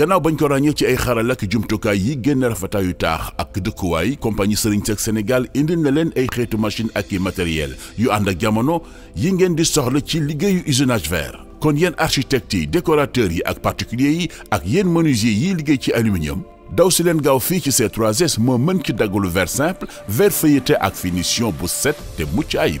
gannaaw bañ ko ràññee ci ay xarala ak jumtukaay yi génn yu taax ak dëkkuwaay compagnie Serigne Seck Sénégal indil na leen ay xeetu machine ak i matériel yu ànd ak jamono yi ngeen di soxla ci liggéeyu usinage vert. kon yenn architecte yi décorateur yi ak particulier yi ak yenn menuisier yiy liggéey ci aluminium daw si leen gaaw fii ci c 3 moo mën ci daggalu verre simple verre feuilleté ak finition bu set te mucc ayib.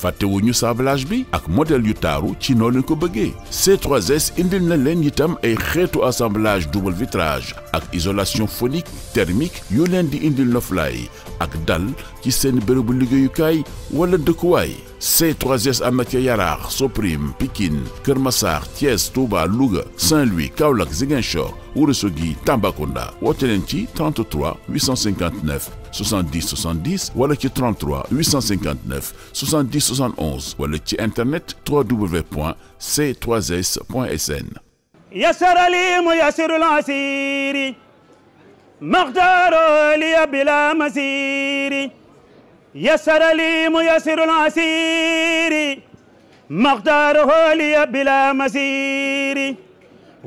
fàttewuñu sablage bi ak modèle yu taaru ci noo leen ko bëggee c 3 indil na leen itam ay xeetu assemblage double vitrage ak isolation phonique thermique yu leen di indil noflaay ak dal ci seen bërëbu liggéeyukaay wala dëkkuwaay C3S am na ca Yaraax Soprim Pikine Kër Massar Thiès Touba Louga Saint-Louis Kaolack Ziguinchor Ourossogui Tambacounda woote leen ci 33 859 70 70 wala ci 33 859 70 71 wala ci internet www.c3s.sn. maxtaaroo liya bila masiri yasara li mu yasirul asiri maxtaaroo liya bila masiri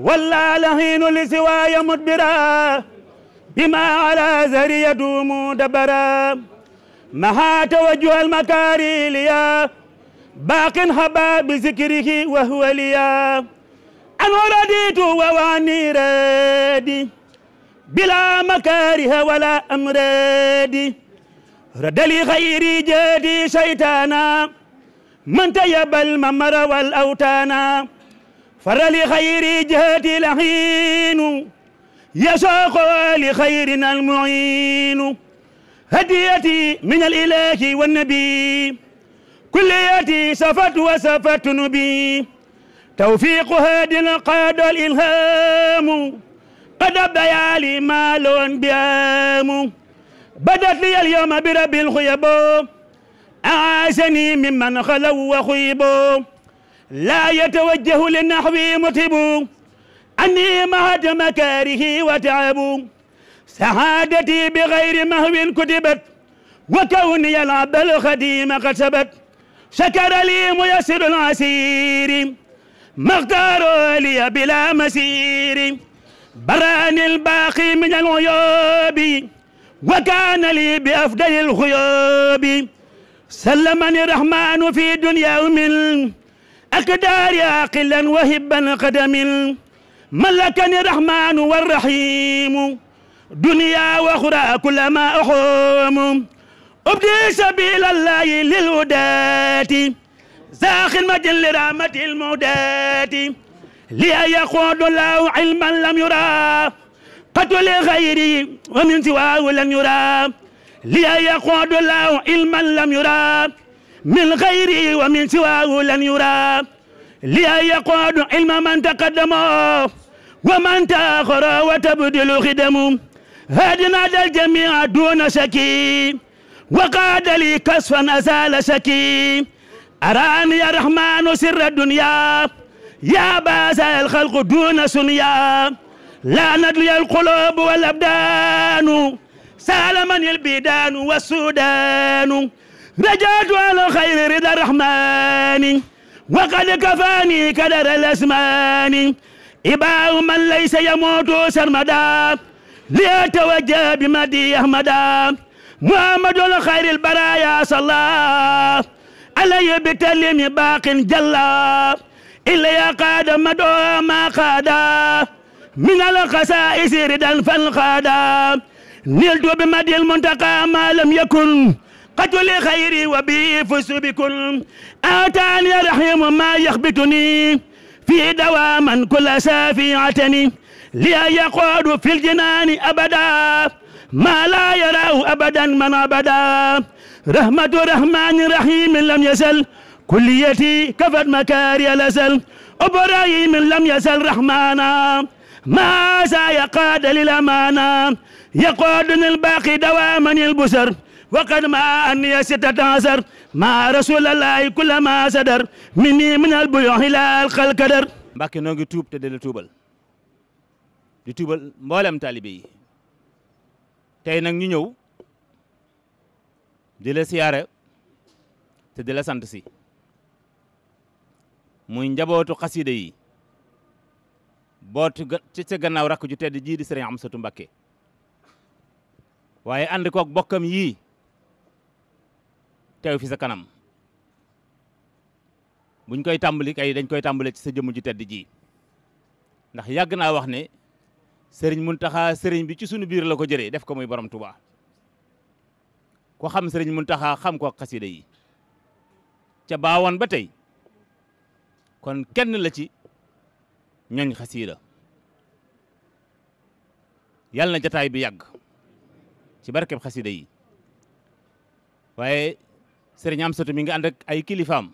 walla lahiinu siwaaya mudbira bima ala zari yaduumu dabara maha tawajjuha almakaari liya baaqin haba bi zikrihi wa an waraditu wa wani bila makariha wala amradi radali xayri jeedi shaytana man tayabal mamara wal awtana farali xayri jeedi laxiinu yasooqo li xayrin almuinu hadiyati min alilahi wannabi kulliyati safat wa safat nubi tawfiqu hadin qaado alilhamu قد بيالي مال بيام بدت لي اليوم برب الخيب أعاسني ممن خلوا وخيب لا يتوجه للنحو مطب أني مهد مكاره وتعب سعادتي بغير مهو كتبت وكوني العبد الخديم قد سبت شكر لي ميسر العسير مختار لي بلا مسير براني الباقي من العيوب وكان لي بأفضل الخيوب سلمني الرحمن في دنيا من أقدار عاقلا وهبا قدم ملكني الرحمن والرحيم دنيا وأخرى كلما أحوم أبدي سبيل الله للهداة زاخر مجل رحمة المهداة ليا يقود الله علما لم يرى قد لغيره ومن سواه لم يرى ليا يقود الله علما لم يرى من غيره ومن سواه لن يرى ليا يقود علم من تقدم ومن تأخر وتبدل خدم هادنا الجميع دون شكي وقاد لي كسفا أزال شكي أراني الرحمن سر الدنيا يا باس الخلق دون سنيا لا ندلي القلوب والأبدان سالمني البيدان والسودان رجعت على خير رضا الرحمن وقد كفاني كدر الأسمان إباء من ليس يموت سرمدا ليتوجه بمدي أحمدا محمد خير البرايا صلى عليه بتلم باق جلا إلا يا قادم مدعو ما قادا من الخسائس ردا فالقادا نلت بمدي المنتقى ما لم يكن قتل خيري وبي فس بكن آتاني رحيم ما يخبتني في دواما كل سافيعتني لي يقعد في الجنان أبدا ما لا يراه أبدا من أبدا رحمة رحمن رحيم لم يزل كليتي كفت مكاري الأزل إبراهيم لم يزل رحمانا ما سيقاد للأمانة يقودني الباقي دواما البسر وقد ما أني ستتعسر مع رسول الله كل ما سدر مني من البيوع إلى القلقدر mbàkke noo ngi tuub te di la tuubal di tuubal mboolem taalibe yi tey nag ñu ñëw di la siyaare te di la sant si muy njabootu xasida yi bootu ci gannaaw rakk ju tedd jii di sëriñ Amsatu Mbakke waaye ànd koog bokkam yii teew fi sa kanam buñ koy tàmbali kay dañ koy tàmbale ci sa jëmm ju tedd ji ndax yàgg naa wax ne sëriñ mun taxa sëriñ bi ci sunu biir la ko jëlee def ko muy borom Tuubaa ko xam sëriñ Muntaxa xam ko xasida yi ca baawoon ba tey kon kenn la ci ñooñ xasiida yàlla na jataay bi yàgg ci barkeb xasiida yi waaye sëriñ Amsatu mi ngi ànd ay kilifaam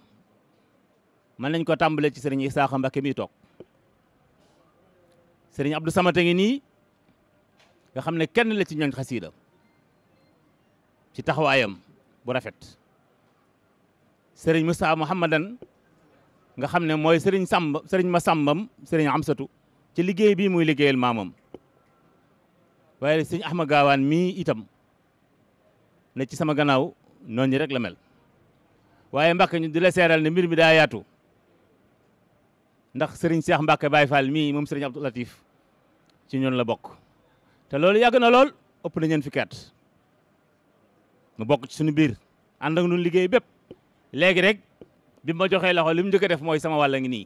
mën nañ ko tàmbale ci sëriñ Isaaxa Mbakke mi toog sëriñ Abdou Samata ngi nii nga xam ne kenn la ci ñooñ xasiida ci taxawaayam bu rafet sëriñ Moussa Mouhamadan nga xam ne mooy sëriñ samba sëriñ ma sàmbam sëriñ amsatu ci liggéey bii muy liggéeyal maamam waaye ax ma Gaawaan mii itam ne ci sama gannaaw noonu rek la mel waaye Mbàkke di la seeral ne mbir mi daa yaatu ndax sëriñ Seex Mbàkke Baay Faal mii moom sëriñ Abdou Latif ci ñoon la bokk te loolu yàgg na lool ëpp na ñeen fukki at mu bokk ci suñu biir ànd ak ñun liggéey bépp léegi rek bi ma joxee loxo li mu njëkk def mooy sama wàlla ngi nii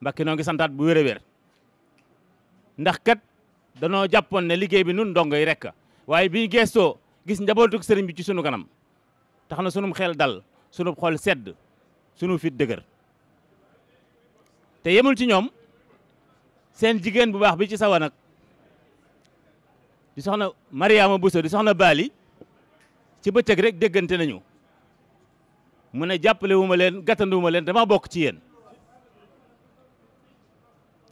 mbakki noo ngi santaat bu wér a wér ndax kat danoo jàppoon ne liggéey bi nun ndongo yi rek waaye bi ñu gestoo gis njabootuk sëriñ bi ci sunu kanam tax na sunum xel dal sunu xol sedd sunu fit dëgër te yemul ci ñoom seen jigéen bu baax bi ci sawa nag di na soxna bu Bousso di na baali ci bëccëg rek déggante nañu mun ne jàppalewuma leen gàttandu leen dama bokk ci yéen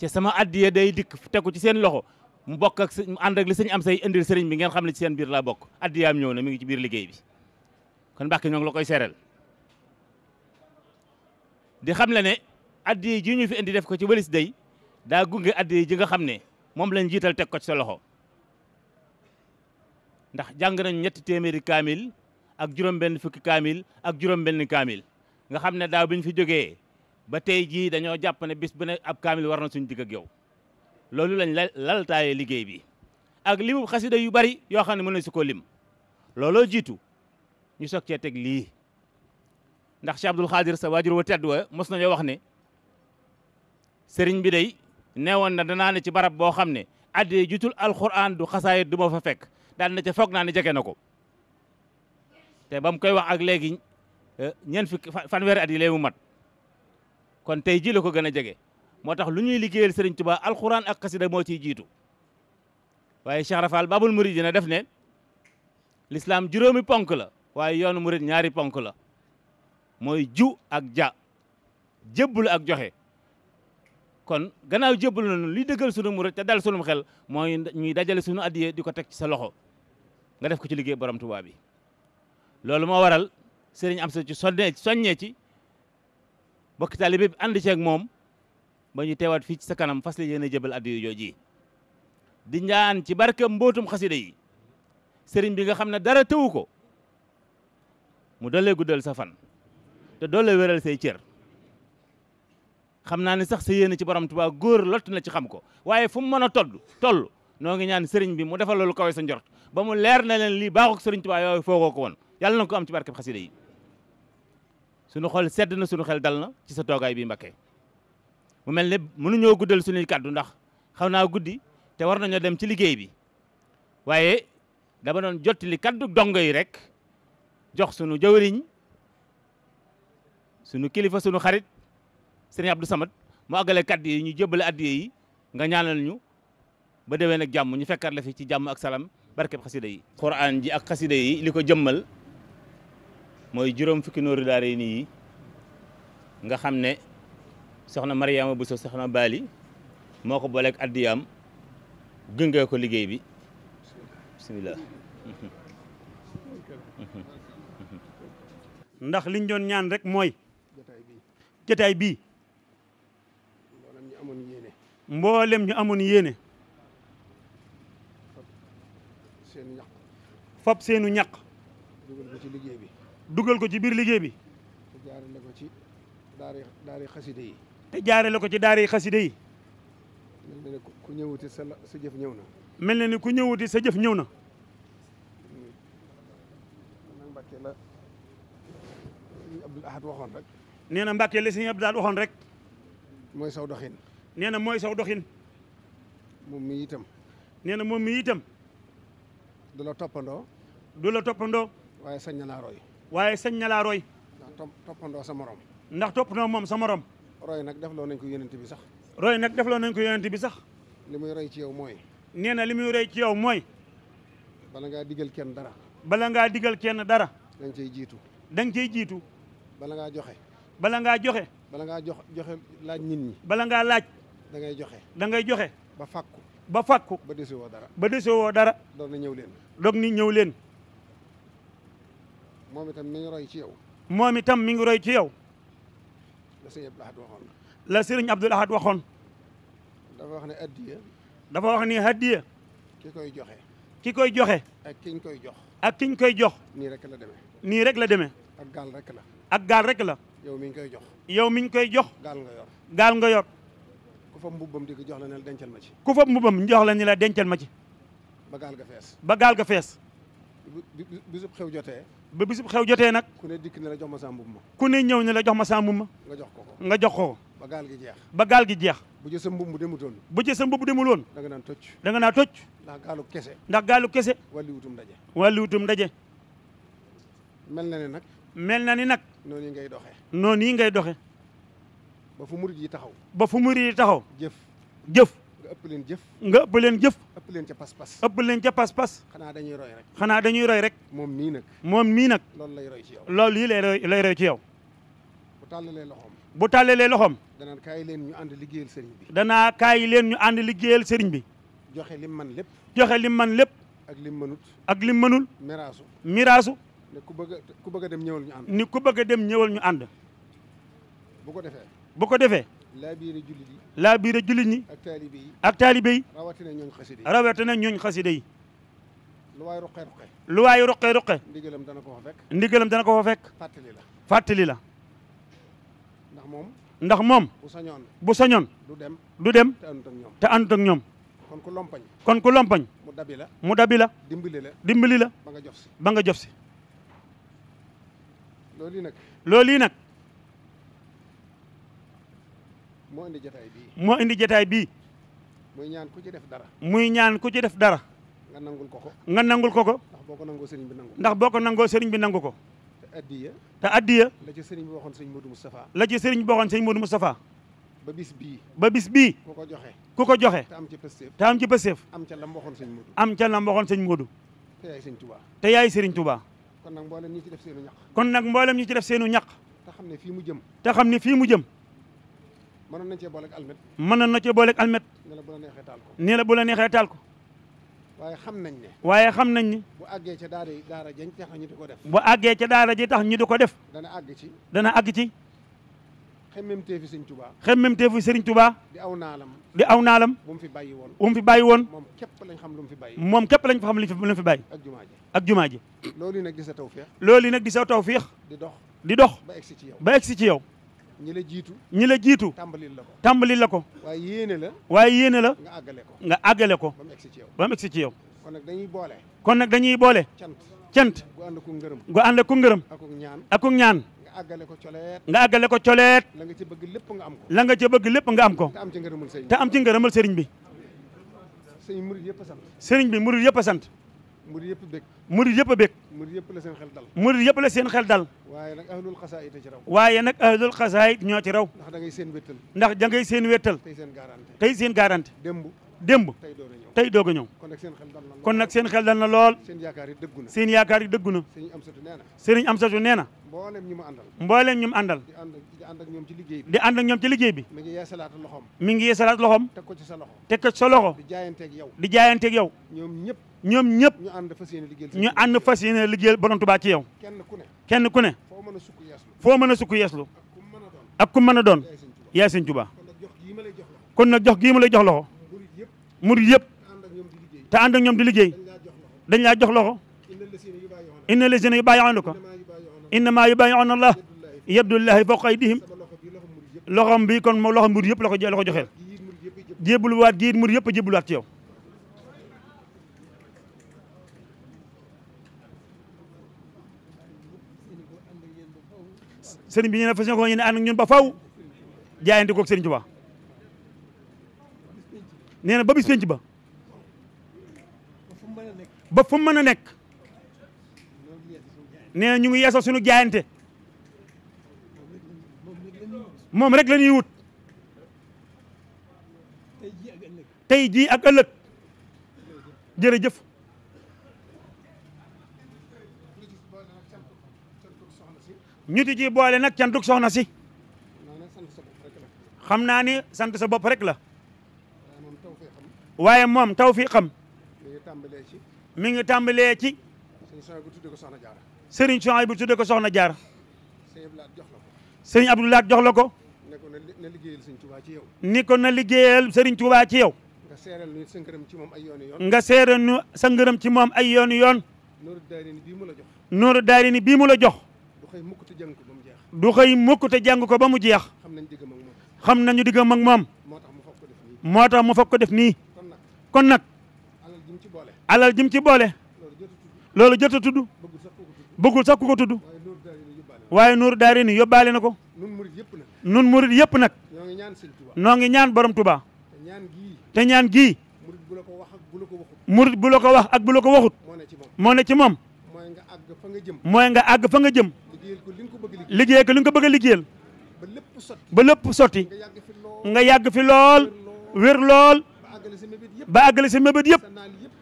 ci sama addiya day dikk tegu ci seen loxo mu bokk ak mu ànd ak li sëñ am say indil sëriñ bi ngeen xam ne ci seen biir laa bokk addiyaam ñëw na mi ngi ci biir liggéey bi kon Mbàkke ñoo ngi la koy sereel di xam le ne addiya ji fi indi def ko ci walis day daa gunge addiya ji nga xam ne moom lañ jiital teg ko ci sa loxo ndax jàng nañu ñetti téeméeri kaamil ak juróom-benn fukki kaamil ak juróom-benn kaamil nga xam ne daaw bi ñu fi jógee ba tey jii dañoo jàpp ne bis bu ne ab kaamil war na suñu digg ak yow loolu lañ la liggéey bi ak limu xasida yu bari yoo xam ne mën na si ko lim looloo jiitu ñu soog cee teg lii ndax Cheikh Abdoul Khadir sa waajur wa tedd wa mos nañoo wax ne sëriñ bi day neewoon na danaa ne ci barab boo xam ne addee jutul alxuraan du xasaayit du ma fa fekk daal na ca foog naa ne jege na ko te ba mu koy wax ak léegi eh, ñeent fukki fanweeri at mu mat kon tey ji la ko gën a jege moo tax lu ñuy liggéeyal Serigne Touba alxuraan ak xasida moo ciy jiitu waaye Cheikh Rafal Babul Mouridina def ne lislaam juróomi ponk la waaye yoonu murid ñaari ponk la mooy ju ak ja jébbul ak joxe kon gannaaw jébbal nañu li dëggal sunu murid te dal sunum xel mooy ñuy dajale sunu addiye di ko teg ci sa loxo nga def ko ci liggéey borom Touba bi loolu moo waral sëriñ am sa ci sonne soññee ci bokki taalibe bi ànd ci moom ba ñu teewaat fii ci sa kanam fas la yéen a jëbal addiyu jooji di ñaan ci barke mbootum xasida yi sëriñ bi nga xam ne dara tëwu ko mu doole guddal sa fan te doole wéral say cër xam naa ni sax sa yéene ci borom Tuubaa góor lott na ci xam ko waaye fu mu mën a todd toll noo ngi ñaan sëriñ bi mu defal loolu kawe sa njort ba mu leer na leen lii baaxul sëriñ Tuubaa yooyu foogoo ko woon yàlla na ko am ci barkeb xasida yi sunu xol sedd na sunu xel dal na ci sa toogaay bi Mbakke mu mel ne mënuñoo guddal sunuy kàddu ndax xaw naa guddi te war nañoo dem ci liggéey bi waaye dama doon jottali kàddu dongo yi rek jox sunu jawriñ sunu kilifa sunu xarit sëriñ Abdou Samad mu àggale kàddu yi ñu jébbale addiye yi nga ñaanal ñu ba déwén ak jàmm ñu fekkar la fi ci jàmm ak salam barkeb xasida yi. Quraan ji ak xasida yi li ko jëmmal. mooy juróom fukki nooru daara yi nii nga xam ne soxna bu Bousso soxna baali moo ko booleeg addiyaam gëngee ko liggéey bi bisimilah. ndax liñ doon ñaan rek mooy. jotaay bii. mboolem ñu amoon yéene. fab seenu ñaq. liggéey bi. dugal ko ci biir liggéey bi. te jaarale ko ci daari daari xaside yi. te jaarale ko ci daari xaside yi. mel na ni ku ñëwuti sa sa jëf ñëw na. mel na ni ku ñëwuti sa jëf ñëw na. Abdul Ahad waxoon rek. nee na Mbàkke la sëñ Abdul waxoon rek. mooy saw doxin. nee na mooy saw doxin. moom mi itam. nee na moom mi itam. du la toppandoo. du la toppandoo. waaye sañ na laa roy. waaye sañ na laa roy. ndax toppandoo sa morom. ndax toppandoo moom sa morom. roy nag defloo nañ ko yonent bi sax. roy nag defloo nañ ko yonent bi sax. li muy roy ci yow mooy. nee na li muy roy ci yow mooy. bala ngaa digal kenn dara. bala ngaa digal kenn dara. da nga jiitu. da nga jiitu. bala ngaa joxe. bala ngaa joxe. bala ngaa jox joxe laaj nit ñi. bala ngaa laaj. da ngay joxe. da ngay joxe. ba fàkku. ba fàkku. ba desewoo dara. ba woo dara. doog ni ñëw leen. doog ni ñëw leen. moom itam mi ngi roy ci yow. moom itam mi ngi roy ci yow. la sëriñ Abdul Ahad waxoon. la sëriñ Abdul Ahad waxoon. dafa wax ne addiya. dafa wax ni addiya. ki koy joxe. ki koy joxe. ak kiñ koy jox. ak kiñ koy jox. nii rek la demee. nii rek la demee. ak gaal rek la. ak gaal rek la. yow miñ koy jox. yow miñ koy jox. gaal nga yor. gaal nga yor. ku fa mbubbam di ko jox la ne la dencal ma ci. ku fa mbubbam la ne la dencal ma ci. ba gaal ga fees. ba gaal ga fees. bisub xew jotee. ba bisub xew jotee nag. ku ne dikk ne la jox ma saa mbubb ma. ku ne ñëw ne la jox ma saa mbubb ma. nga jox ko ko nga jox ko ko. ba gaal gi jeex. ba gaal gi jeex. bu ca sa mbubb mu demutoon. bu ca sa mbubb demuloon. da nga naan tocc. da nga naan tocc. ndax gaalu kese. ndax gaalu kese. wàllu wutum ndaje. wàllu wutum ndaje. mel na ni nag. mel na ni nag. noon yi ngay doxe noonu yi ngay doxe ba fu murid yi taxaw. ba fu murid yi taxaw. jëf jëf. ëpp leen jëf. nga ëpp leen jëf. ëpp leen ca pas-pas. ëpp leen ca pas-pas. xanaa dañuy roy rek. xanaa dañuy roy rek. moom mii nag. moom mii nag. loolu lay roy ci yow. loolu yi lay roy lay roy ci yow. bu tàllalee loxoom. bu tàllalee loxoom. danaa kaay leen ñu ànd liggéeyal sëriñ bi. danaa kaay leen ñu ànd liggéeyal sëriñ bi. joxe lim man lépp. joxe lim man lépp. ak lim mënut. ak lim mënul. miraasu. miraasu. ne ku bëgg ku bëgg a dem ñëwal ñu ànd. ni ku bëgg a dem ñëwal ñu ànd. ko defee. bu ko defee. laa biire jullit yi laa biire jullit ñi ak taalibe yi ak taalibe yi rawatina ñooñ xaside yi rawatina ñooñ xaside yi lu waay ruqe ruqe lu waay ruqe ruqe dana ko fa fekk ndigalam dana ko fa fekk fàttali la fàttali la ndax moom ndax moom bu sañoon bu sañoon du dem du dem te ñoom te àndut ñoom kon ku lompañ kon ku lompañ mu dabi la mu dabi la dimbali la dimbali la ba nga jof si ba nga jof si loolu yi nag moo indi jotaay bii moo indi jotaay bii. muy ñaan ku ci def dara. muy ñaan ku ci def dara. nga nangul ko ko. nga nangul ko ko. ndax boo ko nangoo sëriñ bi nangu ko. ndax boo ko nangoo sëriñ bi nangu ko. te addiya. te addiya. la ci sëriñ bi waxoon sëriñ Modou Moustapha. la ci sëriñ bi waxoon sëriñ Modou Moustapha. ba bis bii. ba bis bii. ku ko joxe. ku ko joxe. te am ci pësteef. te am ci pësteef. am ca lam waxoon sëriñ Modou. am ca lam waxoon sëriñ Modou. te yaay sëriñ Touba. te yaay sëriñ Touba. kon nag mboolem ñi ci def seenu ñaq. kon nag mboolem ñi ci def seenu ñaq. te xam ne fii mu jëm. te xam ne fii mu jëm. mënoon nañ cee booleeg almet. mënoon na cee booleeg almet. nee la la neexee taal ko. nee la la neexee ko. waaye xam nañ ne. waaye xam nañ ni. bu àggee ca daara yi daara ji tax ñu di ko def. bu àggee ca daara ji tax ñu di ko def. dana àgg ci. dana àgg ci. xemmem teefu Serigne Touba. xemmem teefu Serigne Touba. di aw naalam. di aw naalam. bu mu fi bàyyi woon. bu fi bàyyi woon. moom képp lañ xam lu mu fi bàyyi. moom képp lañ xam lu mu fi bàyyi. ak jumaa ji ak jumaa ji. loolu yi nag di sa tawféex. loolu yi nag di sa tawféex. di dox di dox. ba egsi ci yow ba egsi ci yow. ñi la jiitu ñi la jiitu. tàmbalil la ko tàmbalil la ko. waaye yéene la. waaye yéene la. nga àggale ko nga àggale ko. ba mu egsi ci yow ba mu egsi ci yow. kon nag dañuy boole. kon nag dañuy boole. cant cant. gu ku ngërëm. gu ànd ku ngërëm. akuk ñaan akuk ñaan. nga àggale ko coleet. nga àggale ko coleet. la nga ca bëgg lépp nga am ko. la nga ca bëgg lépp nga am ko. te am ci ngërëmal sëriñ bi te am ci ngërëmal sëriñ bi. sëriñ murid yëpp a sant. bi murid yëpp a sant. murid yëpp bég murid yëpp a yëpp la seen xel dal murid yëpp la seen xel dal waaye nag ahlul xasaayit ci raw waaye nag ahlul xasaayit ñoo ci raw ndax da ngay seen wéttal ndax da ngay seen wéttal tey seen garanti tey seen garanti démb démb tey doog a ñëw kon nag seen xel dal na lool seen yaakaar yi dëggu na seen yaakaar yi dëggu na sëriñ Amsatu nee na sëriñ Amsatu nee na mbooleem mu àndal mbooleem ñu mu àndal di ñoom ci liggéey bi di ànd ñoom ci liggéey bi mi ngi yeesalaat loxom mi ngi yeesalaat loxom teg ko ci sa loxo teg ko ci sa di jaayanteeg yow di jaayanteeg yow ñëpp ñoom ñëpp ñu ànd fas yéene liggéeyal borom Tuubaa ci yow kenn ku ne foo mën a sukk yeeslu ak ku mën a doon yaay sëñ Tuubaa kon na jox gi ma lay jox loxo murid yëpp te ànd ak ñoom di liggéey dañ laa jox loxo inna lazina yubaayi'uunaka innamaa yubaayi'uuna Allah yadullaahi fawqa aydihim loxom bi kon moo loxo murid yëpp la ko joxeel jébbaluwaat gii murid yëpp jébbaluwaat ci yow sëriñ bi ñu ne fas yéene ko ñu ba bis penc ba ba fu mën a nekk nee ñu ngi yeesal suñu jaayante moom rek la wut tey jii ak ëllëg jërëjëf ñu di ci boole nag cantuk soxna si xam naa ni sant sa bopp rek la waaye moom taw fi xam mi ngi tàmbalee ci sëriñ Soxna bu tudde ko soxna jaar sëriñ Abdou Lahat jox la ko ni ko na liggéeyal sëriñ Tuubaa ci yow nga seeral nu sa ngërëm ci moom ay yoon yoon nga seeral nu sa ngërëm ci moom ay yoon yoon nooru daari ni bii mu la jox nooru daari ni bii mu la jox du xëy mukk te jàng ko ba mu jeex xam nañu digga ak moom moo tax mu foog ko def nii kon nag alal jim ci boole loolu jot a tudd bëggul sax ku ko tudd waaye nuuru daari ni yóbbaale na ko nun murit yëpp nag noo ngi ñaan borom tuba te ñaan gii murit bu la ko wax ak bu la ko waxut moo ne ci moom mooy nga àgg fa nga jëm liggéey ko li nga ko bëgg a liggéeyal ba lépp sotti nga yàgg fi lool wér lool ba àggale sa mébét yëpp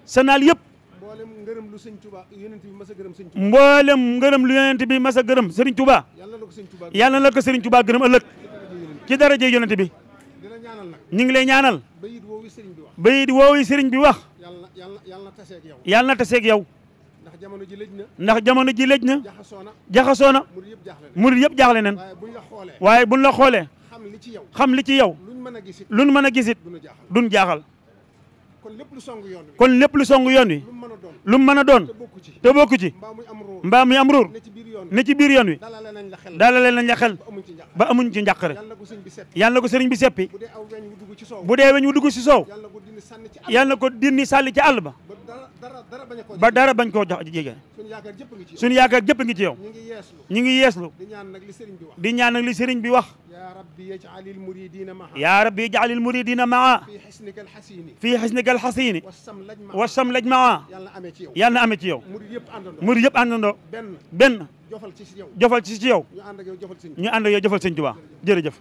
sa naal yëpp mboolem ngërëm lu sëñ Tuba yonent bi mas gërëm sëñ Tuba mboolem ngërëm lu bi mas a gërëm sëriñ Tuba yàlla na ko sëriñ Tuba gërëm ëllëg ci dara daraje yonent bi ñu ngi lay ba bayit woowu sëriñ bi wax yàlla na taseeg yow ndax jamono ji lëj na ndax jamono ji lëj na jaxasoo na murid yëpp jaaxle nañ waaye buñ la xoolee xam li ci lu luñ mën a gisit duñ jaaxal kon lépp lu song yoon wi lu mu mën a doon te bokku ci mbaa muy am ruur ne ci biir yoon wi dalale nañ la xel ba amuñ ci njàqare yàlla na ko sëriñ bi seppi bu dee weñ wu dugg ci soow yàlla na ko dindi sàlli ci àll ba ba dara bañ koo jox jege suñu yaakaar jëpp ngi ci yow ñu ngi yeeslu di ñaan nag li sëriñ bi wax yaa rabbi yaj'alil muridina maa fii xisnika alxasiini wa samlaj maa yal na ame ci yow murid yëpp àndandoo benn jofal ci ci yow ñu ànd ak yow jofal sëñ Tuubaa jërëjëf